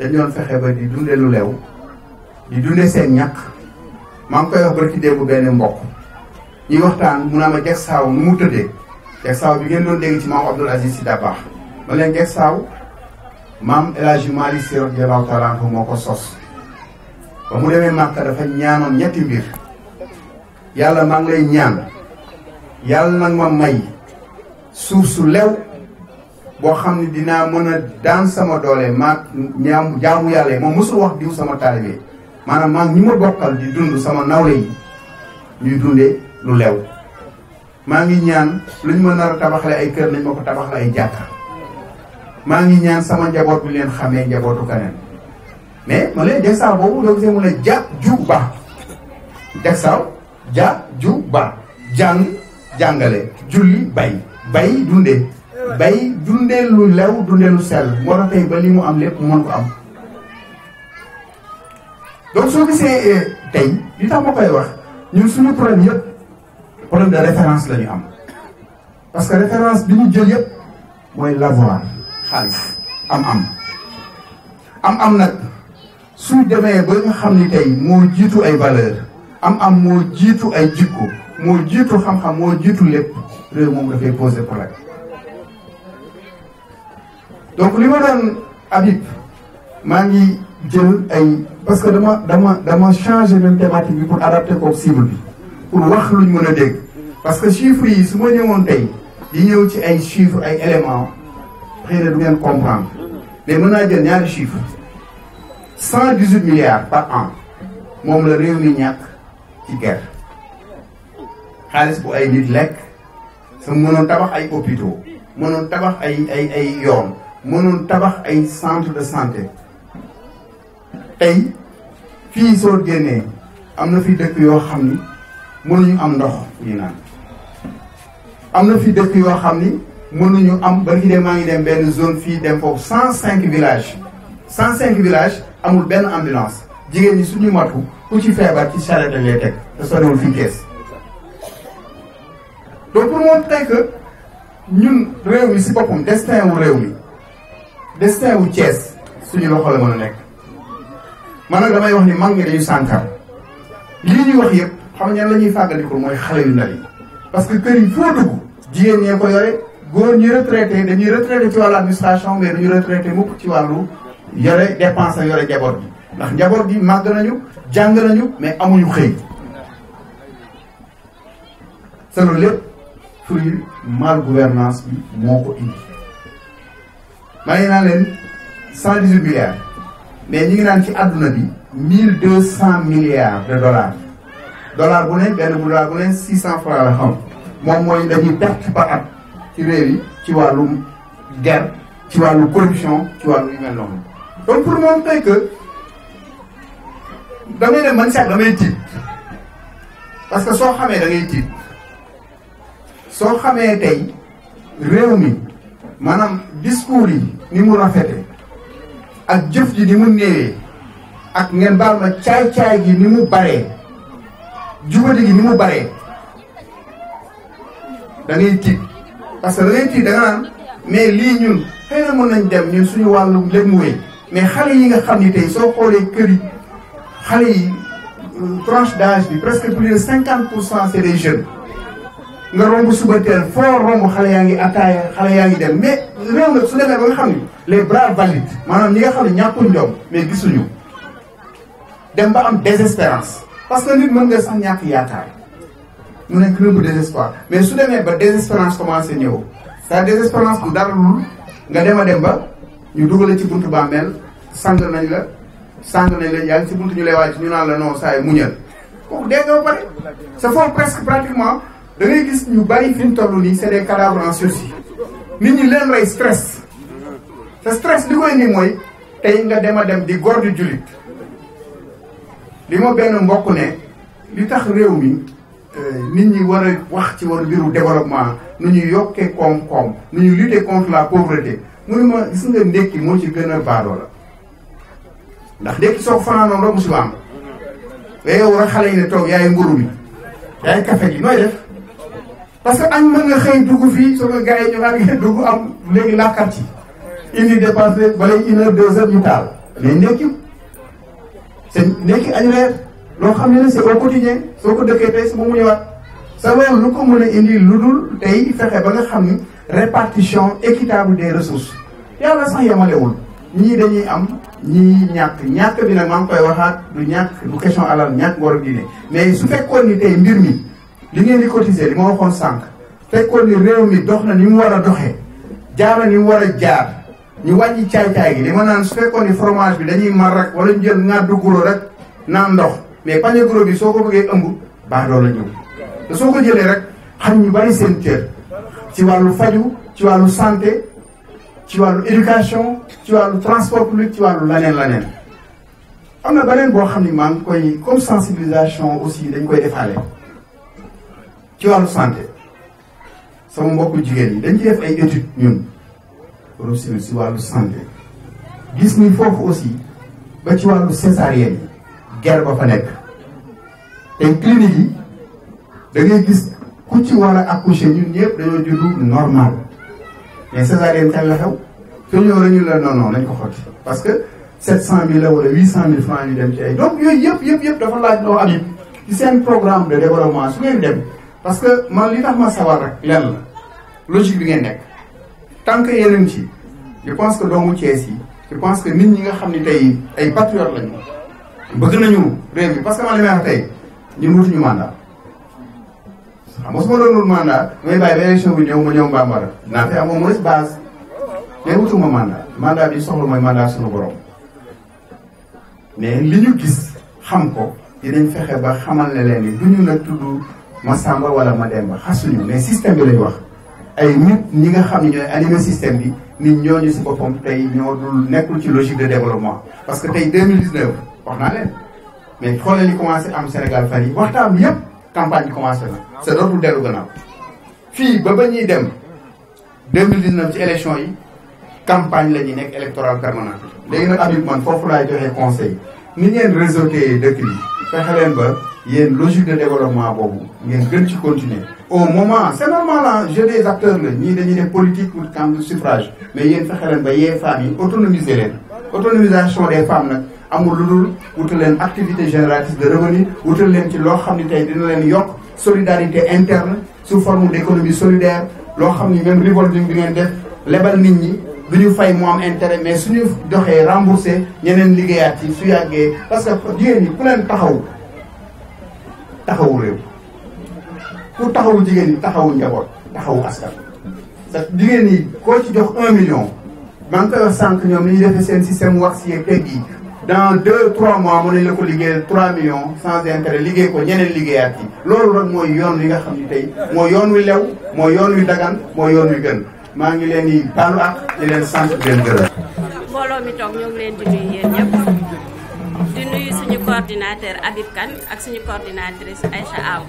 dañu doon fexe ba di dunde lu lew di dunde seen ñàkk maa ngi koy wax benn mbokk ñuy waxtaan mu naa ma jeg saaw nu mu tëddee jeg saaw bi ngeen doon dégg ci maam Abdoul Aziz Sy Dabakh leen jeg saaw mam El Hadj Malick Sy radiyallahu taala moo ko sos ba mu demee Màkka dafa ñaanoon ñetti mbir yàlla maa ngi lay ñaan yàlla nag ma may suuf su lew boo xam ne dinaa mën a daan sama doole maag ñaam jaamu yàlla yi moom mosul wax diw sama taalibe maanaam maag ñi ma bokkal di dund sama nawle yi dundee lu lew maa ngi ñaan lu ñu nar a tabaxle ay kër nañ ma ko tabaxle ay jàkka maa ngi ñaan sama njaboot bi leen xamee njabootu keneen mais ma lay def saaw boobu doo gisee mu ne ja ju baax def saaw ju baax julli bay bay dundee bay dundee lu lew dundee lu sell moo tax tey ba li mu am lépp mën ko am donc soo gisee eh, tey li tax koy wax ñun suñu problème yëpp problème de référence la am parce que référence bi ñu jël yëpp mooy l'avoir xaalis am-am am nag suñ demee ba nga xam ni tey moo jiitu ay valeur am-am moo jiitu ay jikko moo jiitu xam-xam moo jiitu lépp réew moom dafay poser problème. donc li ma doon Habib maa ngi jël ay parce que dama dama dama changé même thématique bi pour adapter ko cible bi pour wax luñ mën a dégg parce que chiffres yi su ma ñëwoon tey di ñëw ci ay chiffres ay éléments xëy na du ngeen comprendre mais mën naa jël ñaari chiffres 118 milliards par an moom la réew mi ñàkk ci guerre xaalis bu ay nit lekk sa mënoon tabax ay hôpitaux mënoon tabax ay ay ay yoon mënoon tabax un centre de santé tey fii soo génnee am na fi dëkk yoo xam ni mënuñu am ndox ñu naan am na fi dëkk yoo xam ni mënuñu am zone fii dem cent villages cent cinq villages amul benn ambulance jigéen ñi suñu matu ci feebar ci de lay teg te soriwul donc pour montrer que ñun réew mi si boppam destin wu réew destin wu Thiès suñu loxo la mën a nekk man nag damay wax ni mag ñi dañu sànkar lii ñuy wax yëpp xam ñan la ñuy fàggalikul mooy xale yu ndaw yi parce que kër yi foo dugg jigéen ñee ko yore góor ñi retraité dañuy retraité ci wàllu administration mais duñu retraité mukk ci wàllu yore dépense yore njaboot bi ndax njaboot bi màgg nañu jàng nañu mais amuñu xëy te loolu lépp fruit mal gouvernance bi moo ko indi Il y a 118 milliards mais ñi ngi a 1200 milliards de dollars Dollars, bu ne ben bu 600 francs moi, xam mom moy dañu tax Tu at ci réew yi ci guerre ci corruption ci le mel non donc pour montrer que da ngay ne man sax da parce que si on a ngay ci soo xamee tey réuni, mi maanaam discours ni mu rafete ak jëf ji ni mu néwé ak ngeen baal ma caay-caay gi ni mu baree jubadi gi ni mu baré da ngay tiit parce que da ngay tiit da nga mais lii ñun xëy na mën nañ dem ñun suñu wàllum lépp mu wéy mais xale yi nga xam ni tey soo xoolee kër yi xale yi tranche d'âge bi presque plus de cinquante pour cent c'est des jeunes nga romb suba teel foo romb xale yaa ngi attaaya xale yaa ngi dem mais réew nag su demee ba nga xam ni les bras valides maanaam ñi nga xam ne ñàkkul njom mais gisuñu dem ba am désespérance parce que nit mën nga sax ñàkk yaakaar mu nekk rëbb désespoir mais su demee ba désespérance commencé ñëw sa désespérance bu dara lul nga dem a dem ba ñu dugal ci buntu bàmmeel sang nañ la sang nañ la yaa ci buntu ñu lay waaj ñu naan la non saa yi muñal kooku dégg nga ba pare c'est fort presque pratiquement da gis ñu bari fi ñu toll nii c'est des nit ñi leen rey stress mm-hmm. te stress li koy ni mooy tey nga dem a dem di góor di jullit li ma benn mbokk ne li tax réew mi euh, nit ñi war a wax ci war mbiru développement nu ñuy yokkee koom-koom nu ñuy lutter contre la pauvreté muy ma gis nga ndékki moo ci gën a baadoo la ndax ndékki soo fanaanoon rek musiba am mm-hmm. yow war a xale yi ne toog yaay mburu mi yaay café gi nooy def parce que am nga xëy dugg fii gars ñu naan am indi une heure heures taal mais c'est au quotidien soo ko dëkkee tey mu ñëwaat sa lu ko indi ba nga répartition équitable des ressources yàlla sax yemalewul ñii dañuy am ñii ñàkk question alal mais su ni li ngeen di cotiser li ma waxoon sànq fekkoon ni réew mi ni mu war a jaar ni mu war jaar ñu wàññi caay-caay gi li ma su ni fromage bi dañuy wala mais bi soo la ñëw te soo rek ñu bari seen ci faju ci santé ci wàllu éducation ci wàllu transport public ci am na koy comme sensibilisation aussi dañ koy tu as le santé. Ce sont beaucoup de gens. Il y a des études. Il y a des études. Il y a des études. 10 000 fois aussi. Mais tu as le césarien. Guerre de la fête. Et le crédit. Il y a des études. Si tu as accouché, tu as le droit de l'homme normal. Et le césarien, tu as le droit de l'homme. Parce que 700 000 euros 800 000 francs, Donc, il y a un programme de développement. parce que man li tax ma sawar rek lenn la bi ngeen nekk tant que yéen ci je que doomu Thiès yi je que nit ñi nga xam ne tey ay patriotes lañu bëgg nañu réew mi parce que man li may wax tey ñun wutuñu mandat xam nga su ma doon wut mandat damay bàyyi ba élection bi ñëw ma ñëw Bambara dinaa fi am au moins base mais wutuma mandat mandat bi soxla mooy mandat suñu borom mais li ñu gis xam ko dinañ fexe ba xamal ne leen ni nag tudd. Masamba wala Mademba hasuni, mais système de lañ wax ay nit ñi nga xam ñoy animé système bi nit ñu ci boppam tay ñoo dul nekkul ci logique de développement. parce que tay 2019 wax na leen mais xoolal li commencé am Sénégal fan waxtam yépp campagne bi commencé na. c'est dootul dellu gannaaw. fii ba ba ñuy dem 2019 ci élection yi campagne la ñuy nekk électoral permanente. légui nag Habib man foofu laay joxee conseil ni ngeen réseauté dëkk yi fexe leen ba y a une logique de développement y a gën ci continuer au moment c'est normal hein, j'ai des acteurs ni des politiques def politique pour camp suffrage mais yéen fexe leen ba yee femmes yi autonomiser autonomisation des femmes à amul lu dul leen activité génératrice de revenus ou leen ci de xam ne dina solidarité interne sous forme d'économie solidaire loo xam même revolving bi ngeen def lebal mini ñi du ñu fay mu am intérêt mais suñu joxee remboursé ñeneen liggéeyaat yi su parce que Dieu ñi ku leen taxaw taxawu réew ku taxawu jigéen ñi taxawu njaboot taxawu askan. sa jigéen ñi koo ci jox un million maa ngi koy ñoom ni ñu seen système wax si yeeg teg yi dans deux trois mois mën nañ la ko liggéeyal trois millions sans intérêt liggéey ko ñeneen liggéeyaat yi loolu rek mooy yoon wi nga xam ne tey moo yoon wi lew moo yoon wi dagan moo yoon wi gën maa ngi leen di baalu ak di leen sant di leen gërëm. mi toog ñoo leen di nuyu coordinateur Habib Kane ak suñu coordinatrice Aïcha Aw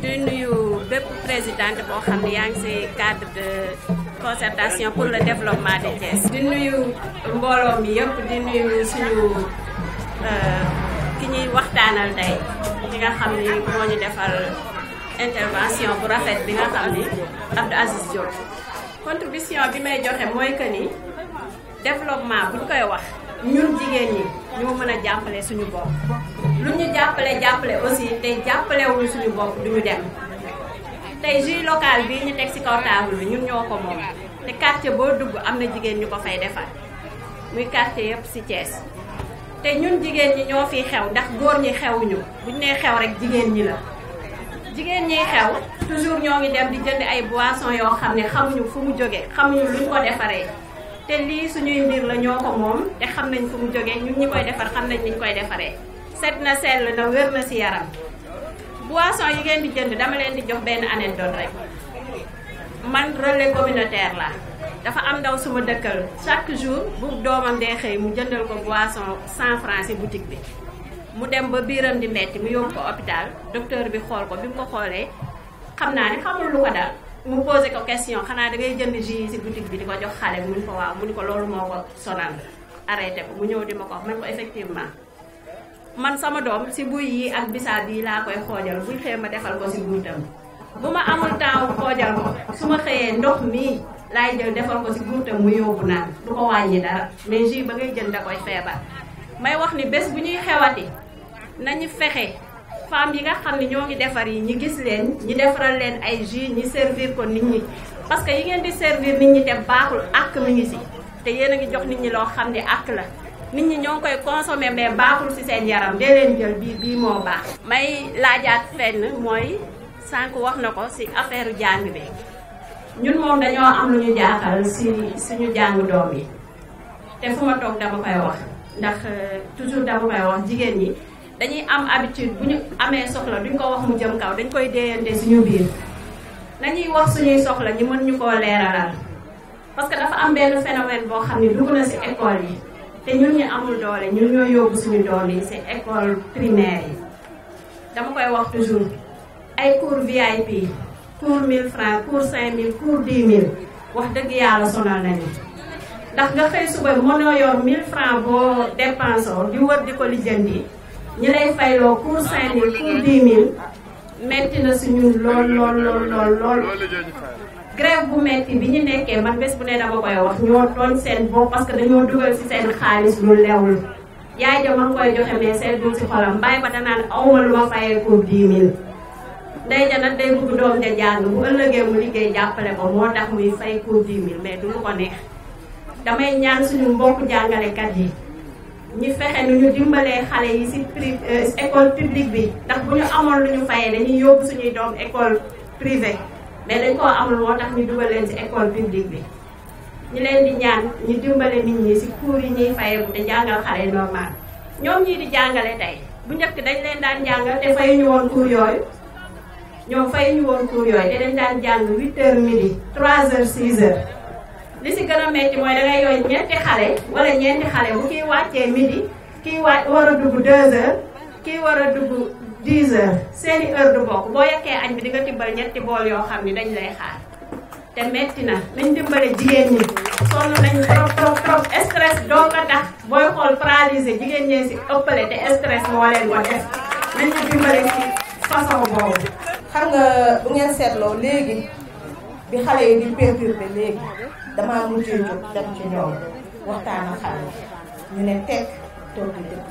di nuyu bépp présidente boo xam ne yaa cadre de concertation pour le développement de Thiès di nuyu mbooloo mi yëpp di nuyu suñu euh, ki ñuy waxtaanal tey ki nga xam ni moo ñu defal intervention bu rafet bi nga xam Abdou Aziz Diop contribution bi may joxe mooy que ni développement buñ koy wax ñun jigéen ñi ñoo mën a jàppale suñu bopp lu ñu jàppale jàppale aussi tey jàppalewuñu suñu bopp duñu dem tey jus locale bii ñu teg ci kaw table bi ñun ñoo ko moom te quartier boo dugg am na jigéen ñu ko fay defar muy quartier yëpp ci Thiès te ñun jigéen ñi ñoo fi xew ndax góor ñi xewuñu buñu nee xew rek jigéen ñi la jigéen ñiy xew toujours ñoo ngi dem di jënd ay boissons yoo xam ne xamuñu fu mu jógee xamuñu luñ ko defaree te lii suñuy mbir la ñoo ko moom te xam nañ fu mu jógee ñun ñi koy defar xam nañ ñu koy defaree set na sell na wér na ci yaram boisson yi ngeen di jënd dama leen di jox benn anecdote rek man relais communautaire la dafa am ndaw suma dëkkal chaque jour bu doomam dee xëy mu jëndal ko boisson 100 francs ci bi mu dem ba biiram di metti mu yóbbu ko hôpital docteur bi xool ko bi mu ko xoolee xam naa ni xamul lu ko daal mu posé ko question xanaa da ngay jënd jus si boutique bi di ko jox xale bi mu ne ko waaw mu ne ko loolu moo ko sonal arrêté ko mu ñëw di ma ko wax man ko effectivement man sama doom si buy yi ak bisaab yi laa koy xoojal buy xëyee ma defal ko si guutam bu ma amul temps xoojal ko su ma xëyee ndox mii laay jël defal ko si guutam mu yóbbu naan du ko wàññi dara mais jus ba ngay jël da koy feebar may wax ni bés bu ñuy xewati nañu fexe femmes yi nga xam ne ñoo ngi defar yi ñi gis leen ñi defaral leen ay jus ñi servir ko nit ñi parce que yi ngeen di servir nit ñi te baaxul ak mi ngi si te yéen a ngi jox nit ñi loo xam ni ak la nit ñi ñoo koy consommer mais baaxul si seen yaram dee leen jël bii bii moo baax may laajaat fenn mooy sànq wax na ko si affaire jàng bi ñun moom dañoo am lu ñu jaaxal si suñu jàng doom yi te fu ma toog dama koy wax ndax euh, toujours dama koy wax jigéen ñi dañuy am habitude bu ñu amee soxla duñ ko wax mu jëm kaw dañ koy déeyante suñu biir nañuy wax suñuy soxla ñu mën ñu koo leeralal parce que dafa am benn phénomène boo xam ne dugg na si école yi te ñun ñu amul doole ñun ñoo yóbbu suñu doole yi si école primaire yi dama koy wax toujours ay cours VIP cours 1000 francs cours cour cours 10000 wax dëgg yàlla sonal nañu ndax nga xëy suba mënoo yor 1000 francs boo dépensé di wër di ko lijjanti ñu ne fayloo pour cinq mille pour dix mille metti na si ñun lool lool lool lool lool. grève bu metti bi ñu nekkee man bés bu ne dama koy wax ñoo tooñ seen bopp parce que dañoo dugal si seen xaalis lu lewul. yaay ja ma ngi koy joxe mais seetlu si xolam bàyyi ba danaan awma lu ma fayee pour dix mille. ndey day bëgg doom ja jàng bu ëllëgee mu liggéey jàppale ko moo tax muy fay pour dix mais du lu ko neex damay ñaan suñu mbokk jàngalekat yi. ñu fexe nu ñu dimbalee xale yi ci pri euh, école publique bi ndax bu ñu amoon lu ñu fayee ñu yóbbu suñuy doom école privée mais dañ koo amul woo tax ñu dugal leen si école publique bi ñu leen di ñaan ñu dimbale nit ñi ci cours yi ñuy fayeeku te jàngal xale normal ñoom ñii di jàngale tey bu njëkk dañ leen daan jàngal te ñu woon cours yooyu ñoom ñu woon cours yooyu te dañ daan jàng 8 heures midi 3 heures 6 heures li si gëna metti moy da ngay yoy ñetti xalé wala ñeenti xalé bu ki wacce midi ki wa war dugg 2 heures ki wara dugg 10 heures seeni heure du bok bo yekkee añ bi di nga timbal ñetti bol yo xamni dañ lay xaar té metti na lañ dimbale jigéen ñi sonu nañ trop trop trop stress do nga tax boy xol paralysé jigéen ñi ci ëppalé té stress mo leen ko def lañ ñu dimbale ci façon bo xam nga bu ngeen sétlo légui bi xale yi di perturbé léegi damaa mujjee jóg dem ci ñoom waxtaan ak xale ñu ne tekk toog di dëgg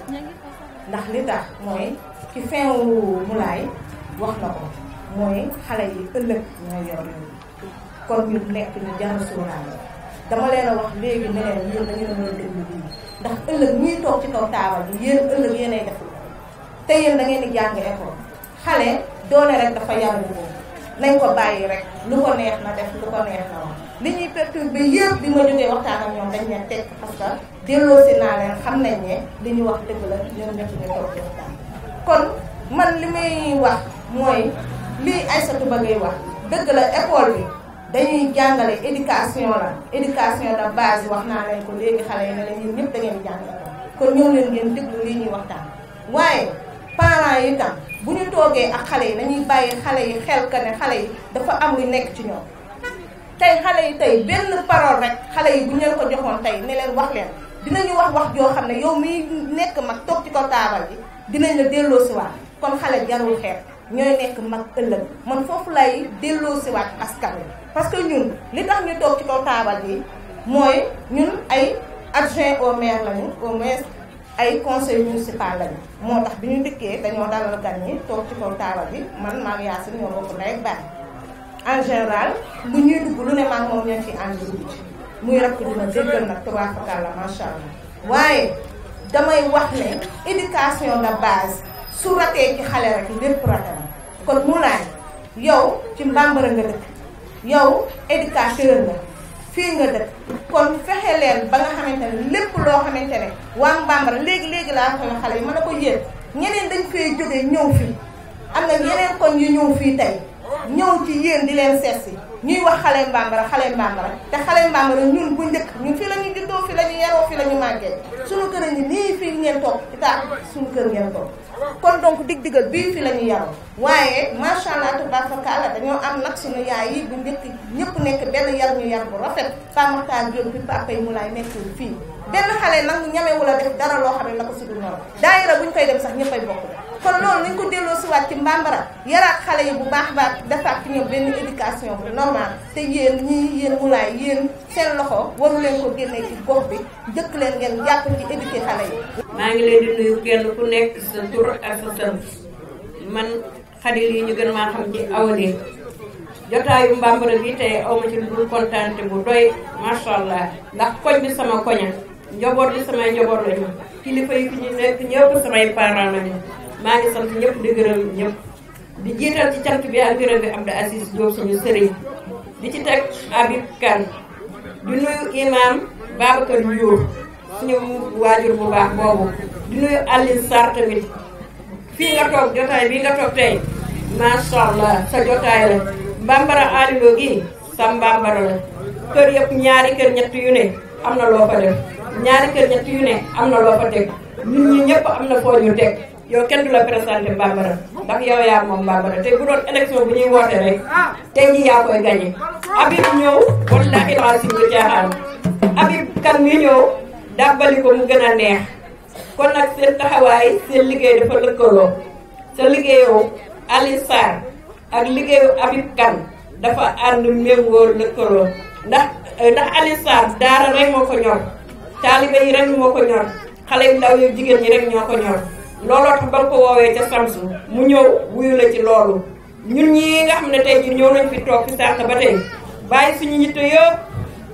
ndax li tax mooy ci fin wu mulaay wax na ko mooy xale yi ëllëg ñoo yor kon ñu nekk ñu jar suuraale dama leen wax léegi ne leen yéen dañu leen a déglu lii ndax ëllëg ñuy toog ci kaw taabal bi yéen ëllëg yéenay def te yéen da ngeen di jàng école xale doone rek dafa yaru boobu nañ ko bàyyi rek lu ko neex na def lu ko neex na wax li ñuy perturbé yëpp bi ma jógee waxtaan ak ñoom dañ ne teg parce que delloosi naa leen xam nañ ne li ñu wax dëgg la ñoom ñëpp ñu toog ci kon man li may wax mooy lii Aïssatou ba ngay wax dëgg la école yi dañuy jàngale éducation la éducation de base wax naa leen ko léegi xale yi ne la ñun ñëpp da ngeen jàngale kon ñëw leen ngeen déglu lii ñuy waxtaan waaye parents yi tam bu ñu toogee ak xale yi nañuy bàyyi xale yi xel ka ne xale yi dafa am lu nekk ci ñoom tey xale yi tey benn parole rek xale yi bu ñu leen ko joxoon tey neleen leen wax leen dinañu wax wax joo xam ne yow miy nekk mag toog ci kaw taabal bi dinañ la delloosiwaat kon xale jarul xeet ñooy nekk mag ëllëg man foofu lay delloosiwaat askan wi parce que ñun li tax ñu toog ci kaw taabal bi mooy ñun ay adjoint au maire lañu au maire ay conseil municipal lañu moo tax bi ñu ndikkee dañoo dalal gan ñi toog ci kaw taabal bi man maag Yacine ñoo bokk ndey ak baay en général bu ñuy dugg lu ne maag moom ñoo ci ànd dugg ci muy dina déggal nag tubaab fakal la macha allah waaye damay wax ne éducation de base su ratee ci xale rek lépp rate la kon mu laaj yow ci Mbambara nga dëkk yow éducateur la fii nga dëkk kon fexe leen ba nga xamante ne lépp loo xamante ne waa Bambara léegi léegi laa koy xale yi mën na ko yéen ñeneen dañ fee jógee ñëw fii am na yeneen kon yu ñëw fii tey ñëw ci yéen di leen seet si ñuy wax xale mbambara xale mbambara te xale mbambara ñun bu njëkk ñun fi la ñu juddoo fi la ñu yaroo fi la ñu màggee suñu kër a ngi nii fii ngeen toog itam suñu kër ngeen toog kon donc dig digal bii fi la yaroo waaye macha allah tabaarkalla dañoo am nag suñu yaay yi bu njëkk ñëpp nekk benn yar ñu yar bu rafet Pa Maxtaar Jóob bi papa yi mu laay nekkul fii benn xale nag ñamewul a def dara loo xam ne na ko si du ñor daayira bu ñu koy dem sax ñëppay kon loolu nañ ko delloo si waat ci mbambara yaraat xale yi bu baax baax defaat ci ñoom benn éducation bu normal te yéen ñii yéen wulaay yéen seen loxo waru leen ko génnee ci gox bi jëkk leen ngeen jàpp ci éduquer maa ngi leen di nuyu kenn ku nekk sa tur ak sa sant man xadi yi ñu gën maa xam ci awalee jotaayu mbambara bi tey aw ma ci dul kontaante bu doy macha allah ndax koñ bi sama koña njaboot li samay njaboot lañu kilifa yi fi ñu nekk ñëpp samay parents lañu. maa ngi sant ñëpp di gërëm ñëpp di jiital ci cant bi ak gërëm bi Abdou Aziz Diop suñu sëriñ di ci teg Habib Kane di nuyu imam Babacar Diouf suñu waajur bu baax boobu di nuyu Aline Sarr tamit fii nga toog jotaay bi nga toog tey macha allah sa jotaay la mbambara Aliou gi sa mbambara la kër yëpp ñaari kër ñett yu ne am na loo fa def ñaari kër ñett yu ne am na loo fa teg nit ñi ñëpp am na foo ñu teg. yow kenn du la présenté Bambara ndax yow yaa moom Bambara te bu doon élection bu ñuy woote rek tey jii yaa koy gagné Habib ñëw wallaahi lancim lu caaxaan Habib kan mi ñëw dàbbali ko mu gën a neex kon nag seen taxawaay seen liggéey dafa lëkkaloo sa liggéeyu Alioune Sarr ak liggéeyu Habib Kane dafa ànd méngóor lëkkaloo ndax ndax Alioune Sarr daara rek moo ko ñor taalibe yi rek moo ko ñor xale yu ndaw yu jigéen ñi rek ñoo ko ñor looloo tax ba nga ko woowee ca Samsu mu ñëw wuyu la ci loolu ñun ñii nga xam ne tey jii ñëw nañ fi toog fi sànq ba tey bàyyi suñu yitte yëpp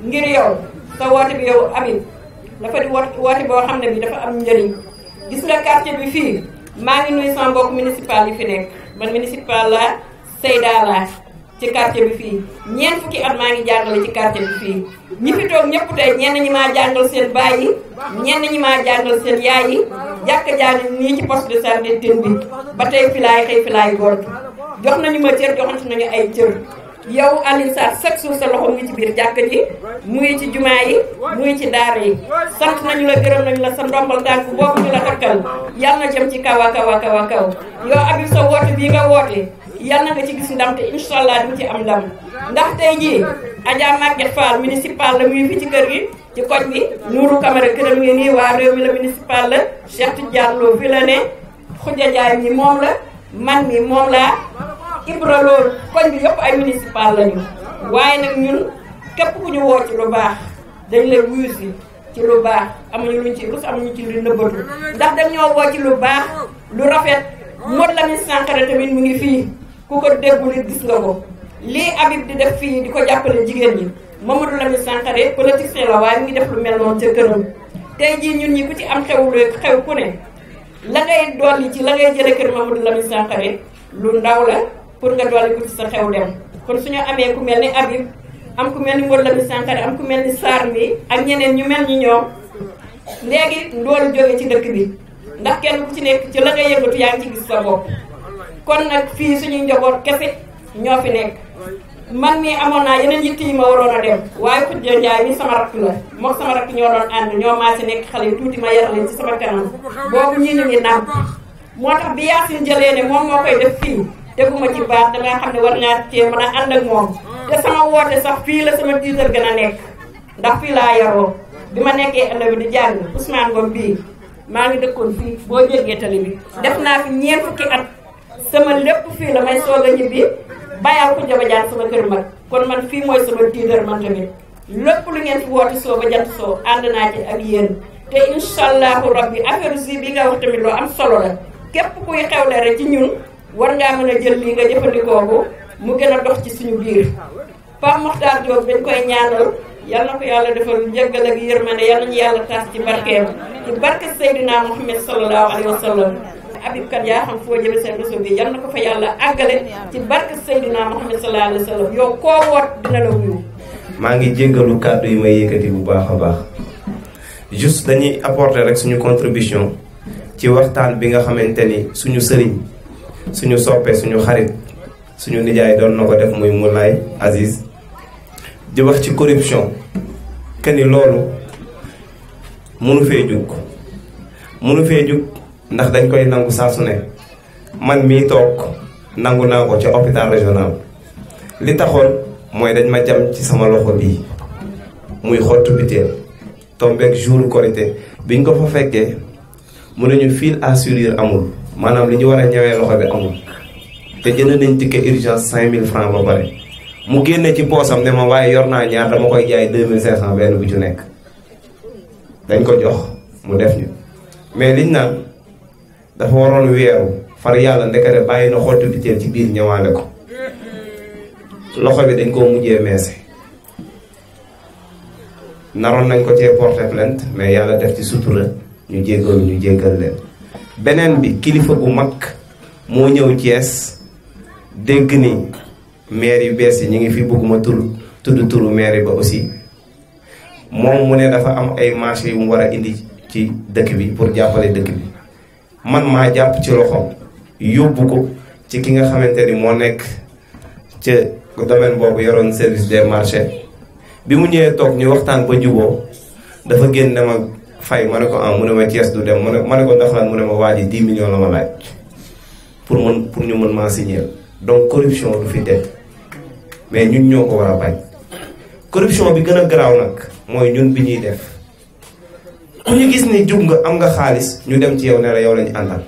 ngir yow sa woote bi yow amit dafa di woote boo xam ne bi dafa am njëriñ gis nga quartier bi fii maa ngi nuyu sama mbokk municipal yi fi nekk man municipal la Seyda la ci quartier bi fii ñeent fukki at maa ngi jàngale ci quartier bi fii ñi fi toog ñëpp tey ñenn ñi maa jàngal seen baay yi ñenn ñi maa jàngal seen yaay yi jàkka jaa ngi nii ci poste de santé ten ba tey filaay xëy filaay gont jox nañu ma cër joxante nañu ay cër yow Alioune Sarr sa loxo mu ngi ci biir jàkka ji mu ci jumaa yi mu ngi ci daara yi sant nañu la gërëm nañu la sa ndombal tànk boobu ñu la takkal yàlla na jëm ci kaw a kaw a kaw a kaw yow Habib sa woote bii nga woote yàlla na nga ci gis ndam te incha allah di ci am ndam ndax tey jii Adja Maguette Fall municipal la muy fi ci kër gi ci koñ bi Nourou Camara këram ngi nii waa réew mi la municipal la Cheikh Tidiane Lo la ne Khoudia mi moom la man mi moom laa Ibra Lo koñ bi yëpp ay municipal lañu waaye nag ñun képp ku ñu woo ci lu baax dañ lay wuyu si ci lu baax amuñu luñ ci rus amuñu ci lu nëbbatu ndax dañoo woo ci lu baax lu rafet Modou Lamine Sankara tamit mu ngi fii ku ko déglu gis nga ko lii Habib di def fii di ko jàppale jigéen ñi Mamadou Lamine Sankaré politicien la waaye mu ngi def lu mel noonu ca këram tey jii ñun ñi ku ci am xew lu xew ku ne la ngay dolli ci la ngay jële kër Mamadou Lamine Sankaré lu ndaw la pour nga dolli ko ci sa xew dem kon su ñu amee ku mel ni Habib am ku mel ni Mamadou Lamine Sankaré am ku mel ni Sarr mi ak ñeneen ñu mel ni ñoom léegi ndoolu jóge ci dëkk bi ndax kenn ku ci nekk ci la ngay yëngatu yaa ngi ci gis sa bopp kon nag fii suñuy njaboot kese ñoo fi nekk man mii amoon naa yeneen yitte yi ma waroon a dem waaye Khoudia Ndiaye mi sama rakk la moom sama rakk ñoo doon ànd ñoo maa si nekk xale yi tuuti ma yar leen ci sama kanam boobu ñii ñu ngi nàmp moo tax bi Yacine jëlee ne moom moo koy def fii teguma ci baax damaa xam ne war naa cee mën a ànd ak moom te sama woote sax fii la sama tiitar gën a nekk ndax fii laa yaroo bi ma nekkee àll bi di jàng Ousmane Ngom bii maa ngi dëkkoon fii boo jéggee tali naa fi ñeent fukki lépp fii la a bàyyaa ku njoba jaan sama kër mag kon man fii mooy sama tiitar man tamit lépp lu ngeen fi woote soo ba jant soo ànd naa ci ak yéen te incha allahu rabbi affaire si bi nga wax tamit loo am solo la képp kuy xewle rek ci ñun war ngaa mën a jël lii nga jëfandikoo ko mu gën a dox ci suñu biir Pape Mokhtar Diop dañ koy ñaanal yal na ko yàlla defal njëggal ak yërmande yal nañu yàlla taas ci ma ci barke Seydina Mouhamed sallallahu alayhi wa sallam Habib kat yaa xam foo jëme seen réseau bi yal na ko fa yàlla àggale ci barke Seydina Muhammad sallallahu alayhi wa sallam yow koo woot dina la wuyu. maa ngi jéggalu kàddu yi may yëkkati bu baax a baax dañuy apporter rek suñu contribution ci waxtaan bi nga xamante ni suñu sëriñ suñu soppee suñu xarit suñu nijaay doon na ko def muy Moulay Aziz di wax ci corruption que ni loolu mënu fee jug mënu fee jug. ndax dañ koy nangu saa su ne man mii toog nangu naa ko ci hôpital régional li taxoon mooy dañ ma jam ci sama loxo bii muy xottu biteel tombeeg jour korité biñ ko fa fekkee mu ne fil à surir amul maanaam li ñu war a loxo bi amul te jënd nañ tikke urgence 5000 francs ba pare mu génne ci poosam ne ma waaye yor naa ñaar dama koy jaay 2500 benn bu ci nekk dañ ko jox mu def ñu mais liñ naan dafa waroon weeru far yàlla ndekete bàyyi na xottu biteel ci biir ñëwaale ko loxo bi dañ koo mujjee meese naroon nañ ko cee porter plainte mais yàlla def ci sutura ñu jéggal ñu jéggal leen beneen bi kilifa bu mag moo ñëw Thiès dégg ni maire yu bees yi ñu ngi fi bëgguma tur tudd turu maire ba aussi moom mu ne dafa am ay marché yu mu indi ci dëkk bi pour jàppale dëkk bi man maa jàpp ci loxoom yóbbu ko ci ki nga xamante ni moo nekk ca domaine boobu yoroon service des marchés bi mu ñëwee toog ñu waxtaan ba juboo dafa génn ne ma fay ma ne ko am ah, mu ne ma Thiès du dem mu ma ne ko ndax lan mu ne ma waa ji 10 millions la ma laaj pour mën pour ñu mën maa signer donc corruption du fi dem mais ñun ñoo ko war a bañ corruption bi gën a garaaw nag mooy ñun bi ñuy def kuñu gis ni jug nga am nga xaalis ñu dem ci yow ne la yow lañ àndal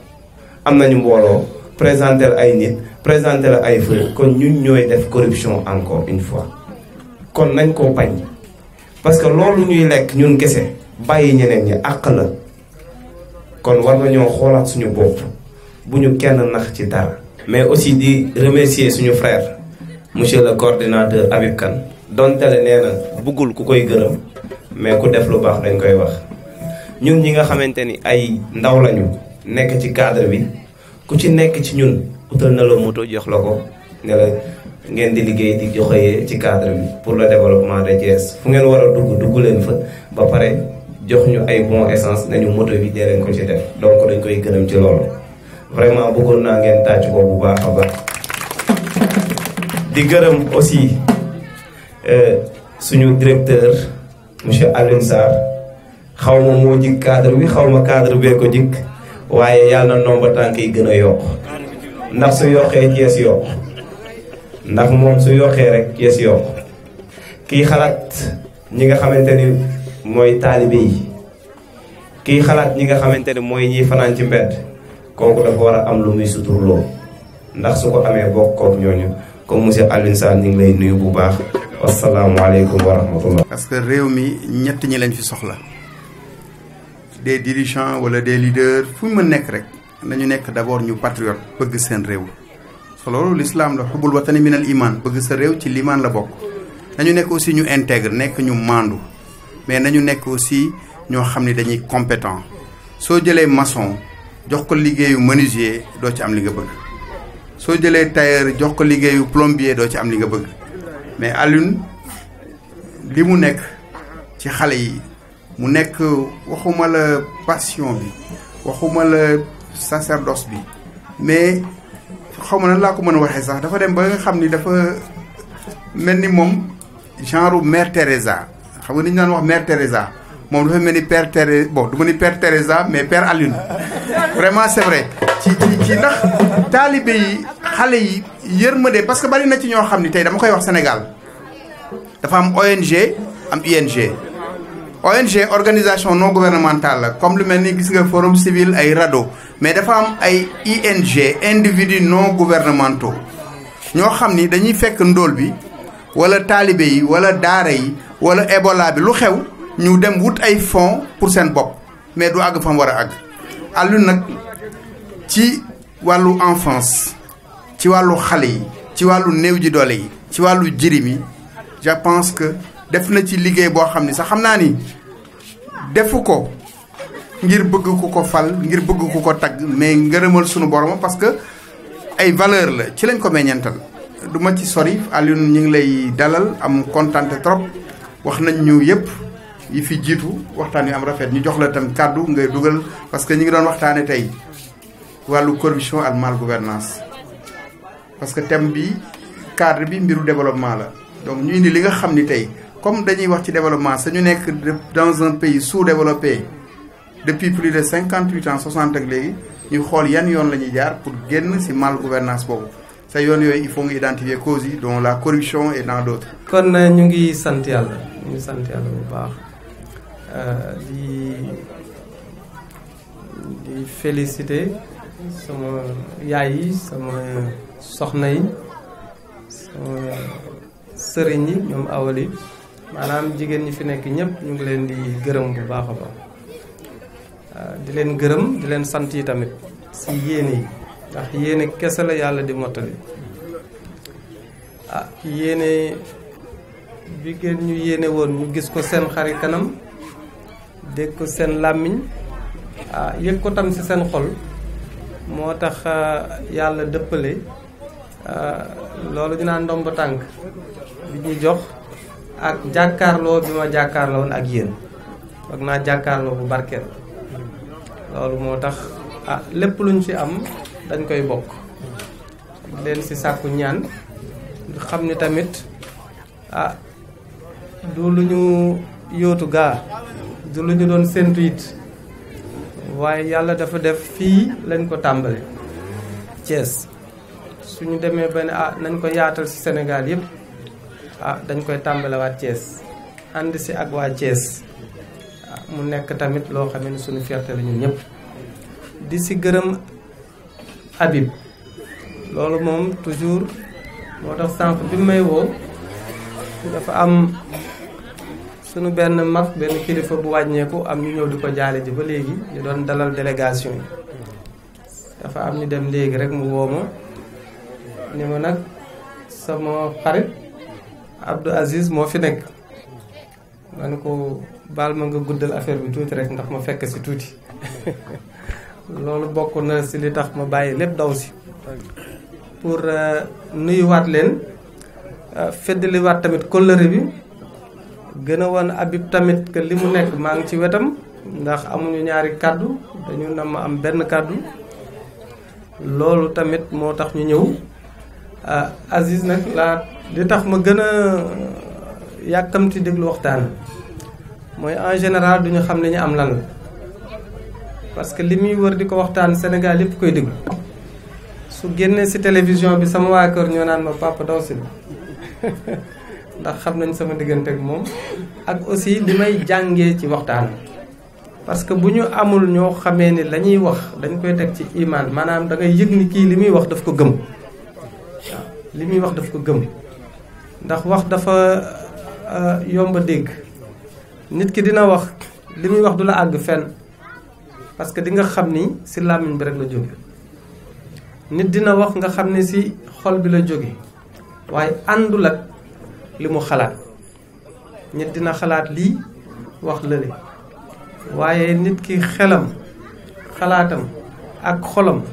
am nañu mbooloo présenter ay nit présenter ay feu kon ñun ñooy def corruption encore une fois kon nañ ko bañ parce que loolu ñuy lekk ñun kese bàyyi ñeneen ñi àq kon war nañoo xoolaat suñu bopp bu ñu kenn nax ci dara mais aussi di remercier suñu frère monsieur le coordinateur Habib kan donte le nee na buggul ku koy gërëm mais ku def lu baax dañ koy wax ñun ñi nga xamante ni ay ndaw lañu nekk ci cadre bi ku ci nekk ci ñun utal na la moto jox la ko ne la ngeen di liggéey di joxee ci cadre bi pour le développement de Thiès fu ngeen war a dugg dugg leen fa ba pare jox ñu ay bon essence nañu moto bi dee leen ko ci def donc dañ koy gërëm ci loolu vraiment bëggoon naa ngeen tàcc ko bu baax a baax di gërëm aussi euh, suñu directeur monsieur Alioune Sarr xawma mo jik cadre bi xawma cadre be ko jik waye yàlla nomba tanki gëna gën ndax su yokkee Cees yokk ndax mom su yokkee rek Cees yokk ki xalat ñi nga xamanteni ni mooy taalibe yi kii xalaat ñi nga xamanteni moy ñi fanan ci mbedd koku dafa war am lu muy suturloo ndax su ko amé bok ko ñooñu comme monsieur Alvin Sall ñu lay nuyu bu baax alaykum wa rahmatullah parce que rew mi ñet ñi lañ fi soxla des dirigeants wala des leaders fu ñu mën nekk rek nañu nekk d'abord ñu patriote bëgg seen réew so loolu l'islam la xubul watani minal iman bëgg sa réew ci liman la bokk nañu nekk aussi ñu intègre nekk ñu mandu mais nañu nekk aussi ñoo xam ne dañuy compétent soo jëlee maçon jox ko liggéeyu menuisier doo ci am li nga bëgg soo jëlee tailleur jox ko liggéeyu plombier doo ci am li nga bëgg mais alune li mu nekk ci xale yi mu nekk waxuma la passion bi waxuma la sacerdoce bi mais je nan ko mën a sax dafa dem ba nga dafa mère Teresa xam nga ni ñu mère Teresa moom dafa père Teresa père Teresa mais père Alune. vraiment c'est vrai ci ci ci ndax taalibe yi xale yi yërmande parce que bari na ci ñoo Sénégal ONG ONG organisation non gouvernementale comme le forum civil ay rado mais ay ING individus non gouvernementaux ño xamni dañuy fekk ndol bi wala wala daara yi wala Ebola bi lu xew ñu fonds pour mais enfance ci ci ci je pense que def na ci liggéey boo xam ni sax xam ni defu ko ngir bëgg ku ko fal ngir bëgg ku ko tag mais ngërëmal sunu borom parce que ay valeur la ci lañ ko meññantal du ma ci sori alun ñu ngi lay dalal am kontaan trop wax nañ ñu yépp yi fi jiitu waxtaan yu am rafet ñu jox la tam kàddu ngay dugal parce que ñu ngi doon waxtaane tey walu corruption ak mal gouvernance parce que thème bi cadre bi mbiru développement la donc ñu indi li nga xam ni comme dañuy wax ci développement ñu nekk dans un pays sous-développé depuis plus de 58 ans 60 ak léegi ñu xool yan yoon la ñuy jaar pour génn ci mal gouvernance boobu sa yoon yooyu il faut nga identifier causes yi dont la corruption et dans d'autres kon euh, ñu ngi sant yàlla ñu ngi sant yàlla bu baax euh, di di féliciter sama yaay yi sama soxna yi sama sëriñ yi ñoom awali maanaam jigéen ñi fi nekk ñëpp ñu ngi leen di gërëm bu baax a ah, di leen gërëm di leen sant yi tamit si yéene yi ndax yéene kese la yàlla di mottali ah yéene bi ngeen ñu yéene woon ñu gis ko seen xari kanam dégg ko seen làmmiñ ah yëg ko tam si seen xol moo tax ah, yàlla dëppale ah, loolu dinaa ndomb tànk bi ñu jox ak jakarlo bima jakarlo won ak yeen ak na jakarlo bu barkel lolou motax ah lepp luñ ci am dañ koy bok. len ci sakku ñaan xam ni tamit ah du luñu yotu ga du luñu don sentu it waye yalla dafa def fi lañ ko tambalé Thiès suñu démé ben ah nañ ko yaatal ci Sénégal yépp ah dañ koy tàmbalewaat Thiès ànd si ak waa Thiès ah, mu nekk tamit loo xam ne suñu fierté lañu ñun ñëpp di si gërëm Habib loolu moom toujours moo tax sanq bi may woo dafa am suñu benn mag benn kilifa bu wàññeeku am ñu ñëw di ko jaale ji ba léegi ñu doon dalal délégation yi dafa am ñu dem léegi rek mu woo ma ni ma nag sama xarit Abdou Aziz moo fi nekk ma ne ko baal ma nga guddal affaire bi tuuti rek ndax ma fekk si tuuti loolu bokk na si li tax ma bàyyi lépp daw si pour euh, nuyuwaat leen euh, feddaliwaat tamit kóllëre bi gën a woon Habib tamit que li mu nekk maa ngi ci wetam ndax amuñu ñaari kàddu dañu na am benn kàddu loolu tamit moo tax ñu ñëw euh, Aziz nag laa di tax ma gën a yàkkamti déglu waxtaan mooy en général duñu xam ne ñu am lan la parce que li muy wër di ko waxtaan Sénégal yëpp koy déglu su génnee ci télévision bi sama waa ñoo naan ma papa daw si ndax xam nañ sama diggante ak moom ak aussi li may jàngee ci waxtaan parce que bu ñu amul ñoo xamee ni la ñuy wax dañ koy teg ci iman maanaam da ngay yëg ni kii li muy wax daf ko gëm waaw wax daf ko gëm ndax wax dafa euh, yomb dégg nit ki dina wax li muy wax du la àgg fenn parce que di nga xam ni si làmmiñ bi rek la jóge nit dina wax nga xam ni si xol bi la jóge waaye àndul ak li mu xalaat nit dina xalaat lii wax lële waaye nit ki xelam xalaatam ak xolam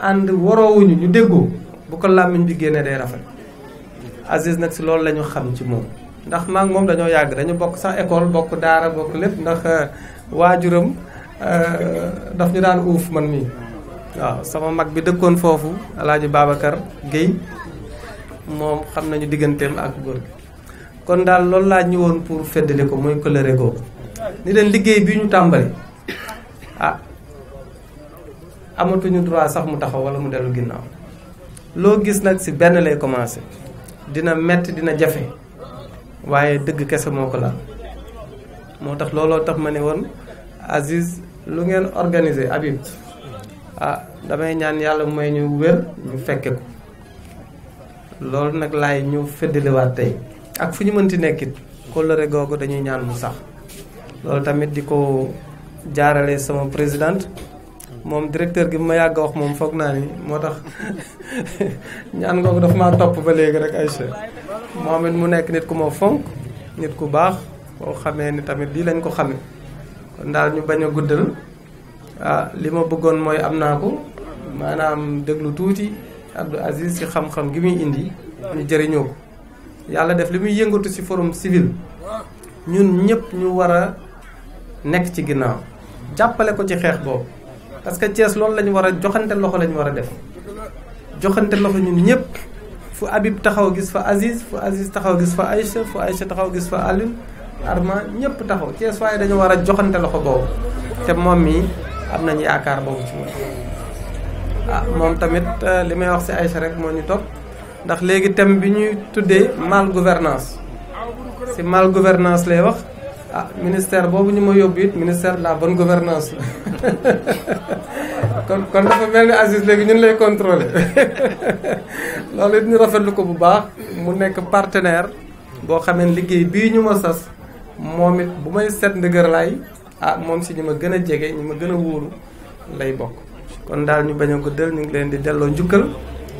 ànd warowuñu ñu déggoo bu ko làmmiñ bi génne day rafet Aziz nag si loolu lañu xam ci moom ndax maa moom dañoo yàgg dañu bokk sax école bokk daara bokk lépp ndax euh, waajuram euh, daf ñu daan uuf man mii waaw sama mag bi dëkkoon foofu alaaji babacar gueye moom xam nañu digganteem ak góor gi kon daal loolu laa ñëwoon pour feddali ko muy coloré googu ni leen liggéey bi ñu tàmbali ah amatuñu droit sax mu taxaw wala mu dellu ginnaaw loo gis nag si benn lay commencé dina metti dina jafe waaye dëgg kese moo ko laal moo tax looloo tax ma ne woon Aziz lu ngeen organiser Habib ah damay ñaan yàlla mooy ñu wér ñu fekke ko loolu nag lay ñu feddaliwaat tey ak fu ñu mënti nekkit kóllëre googu dañuy ñaan mu sax loolu tamit di ko jaarale sama présidente moom directeur gi ma yàgg a wax moom foog naa ni moo tax ñaan ngoogu dafa ma topp ba léegi rek Aïcha moom it mu nekk nit ku ma fonk nit ku baax koo xamee ni tamit lii lañ ko xame kon ñu bañ a guddal ah li ma bëggoon mooy am naa ko maanaam déglu tuuti Abdou Aziz ci xam-xam gi muy indi ñu jëriñoo ko yàlla def li muy yëngatu ci forum civil ñun ñépp ñu war a nekk ci ginnaaw jàppale ko ci xeex boobu parce que Thiès loolu la ñu war a joxante loxo la ñu war a def joxante loxo ñun ñëpp fu Habib taxaw gis fa Aziz fu Aziz taxaw gis fa Aïcha fu Aïcha taxaw gis fa Alioune Arma ñëpp taxaw Thiès waaye dañu war a joxante loxo boobu te moom mi am nañu yaakaar boobu ci moom. Ah tamit euh, li may wax ci Aïcha rek moo ñu topp ndax léegi thème bi ñuy tuddee mal gouvernance ci mal gouvernance lay wax. ah ministère boobu ñu ma yóbbu it ministère la bonne gouvernance la kon kon dafa mel ni Aziz léegi ñun lay contrôler loolu it ñu rafetlu ko bu baax mu nekk partenaire boo xamee liggéey bii ñu ma sas moom it bu may set ndëgër lay ah moom si ñu ma gën a jege ñu ma gën a wóolu lay bokk kon daal ñu bañ a ko dël ñu ngi leen di delloo njukkal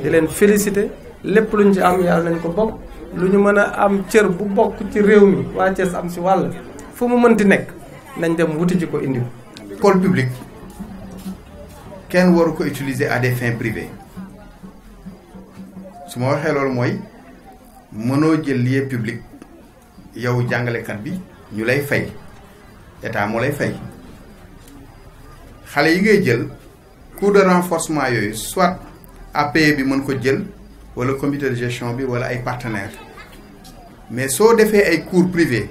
di leen féliciter lépp luñ ci am yàlla nañ ko bokk lu ñu mën a am cër bu bokk ci réew mi waa Thiès am si wàll fu mu mënti nekk nañ dem wuti ji ko indi ko. école publique kenn waru ko utiliser à des fins privées su ma waxee loolu mooy mënoo jël lieu public yow jàngalekat bi ñu lay fay état moo lay fay xale yi ngay jël cours de renforcement yooyu soit APE bi mën ko jël wala comité de gestion bi wala ay partenaires mais soo defee ay cours privés.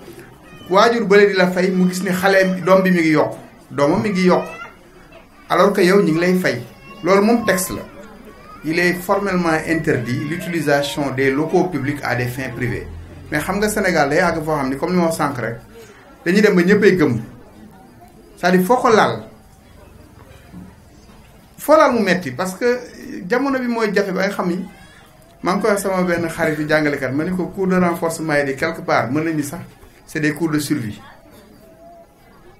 waajur bële di la fay mu gis ne xale doom bi mi ngi yokk doomam mi ngi yokk alors que yow ñu ngi lay fay loolu moom texte la il est formellement interdit l'utilisation des locaux publics à des fins privées mais xam nga Sénégal day àgg foo xam ni comme ni ma sànq rek dañuy dem ba ñëppay gëm c'est-à-dire foo ko laal foo laal mu metti parce que jamono bi mooy jafe ba nga xam ni maa ngi koy wax sama benn xaritu jàngalekat ma ni ko cours de renforcement yi di quelque part mën nañu sax c'est des cours de survie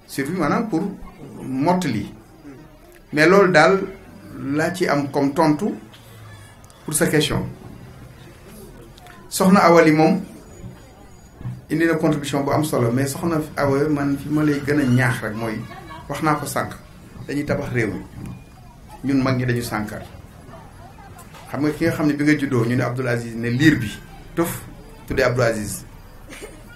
survie maintenant pour mort. mais l'autre dal là, ci am comme tantôt pour sa question soxna Awali mom indi contribution bu am solo mais soxna Awa man fi ma lay ñaax rek Moy waxna ko dañuy tabax ñun mag xam nga ki nga xamni bi nga ñu ne Aziz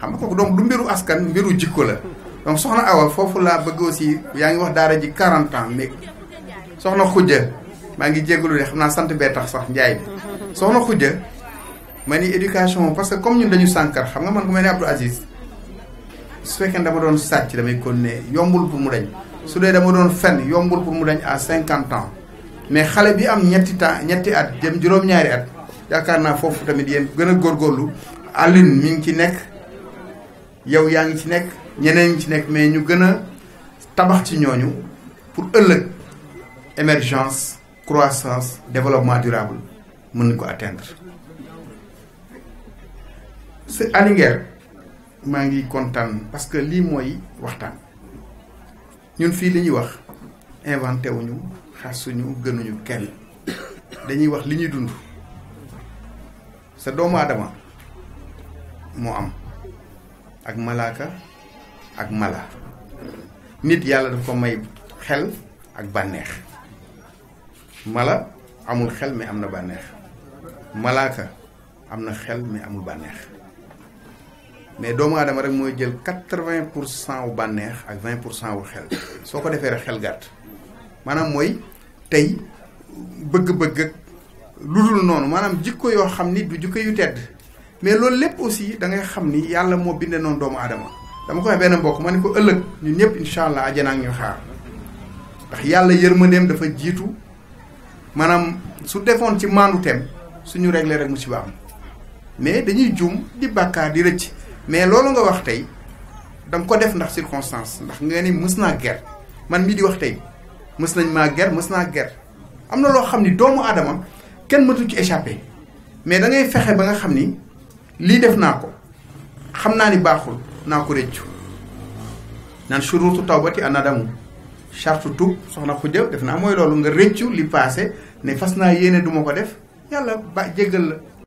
xam nga kooku donc du mbiru askan mbiru jikko la donc soxna awa foofu laa bëgg aussi yaa ngi wax daara ji 40 ans mais soxna xujja maa ngi jégalu de xam naa sant bee tax sax njaay bi soxna xujja ma ni éducation parce que comme ñun dañu sànkar xam nga man ku mel ne Abdou Aziz su fekkee dama doon sàcc damay continuer yombul pour mu dañ su dee dama doon fenn yombul pour mu dañ à 50 ans mais xale bi am ñetti temps ñetti at jëm juróom-ñaari at yaakaar naa foofu tamit yéen gën a góorgóorlu àllin mi ngi ci nekk yow yaa ngi ci nekk ñeneen ñi ci nekk mais ñu gën a tabax ci ñooñu pour ëllëg émergence croissance développement durable mën nañu ko atteindre si Alinguer maa ngi kontaan parce que lii mooy waxtaan ñun fii li ñuy wax inventé wuñu suñu gënuñu kenn dañuy wax li ñuy dund sa doomu aadama moo am ak malaaka ak mala nit yàlla daf ko may xel ak bànneex mala amul xel mais am na bànneex malaaka am na xel mais amul bànneex mais doomu aadama rek mooy jël quatre-vingt pour cent wu bànneex ak vingt pour cent wu xel soo ko defee rek xel gàtt maanaam mooy tey bëgg-bëgg ak lu dul noonu maanaam jikko yoo xam ni du jikko yu tedd mais loolu lépp aussi dangay xam ni yàlla moo bindee noonu doomu aadama dama ko wax benn mbokk ma ne ko ëllëg ñun ñëpp incha allah ajana ñu xaar ndax yàlla yërmandeem dafa jiitu maanaam su defoon ci maandu tem suñu réglé mu musiba am mais dañuy juum di bàkkaar di rëcc mais loolu nga wax tey danga ko def ndax circonstance ndax nga ni mës naa ger man mii di wax tey mës nañ maa ger mës naa ger am na loo xam ni doomu aadama kenn mëtu ci échappé mais da ngay fexe ba nga xam ni. lii def naa ko xam naa ni baaxul naa ko rëccu naan surutu tawbati anadamu chartu tub soxna xujja def naa mooy loolu nga rëccu li paase ne fas naa yéene duma ko def yàlla ba jéggal la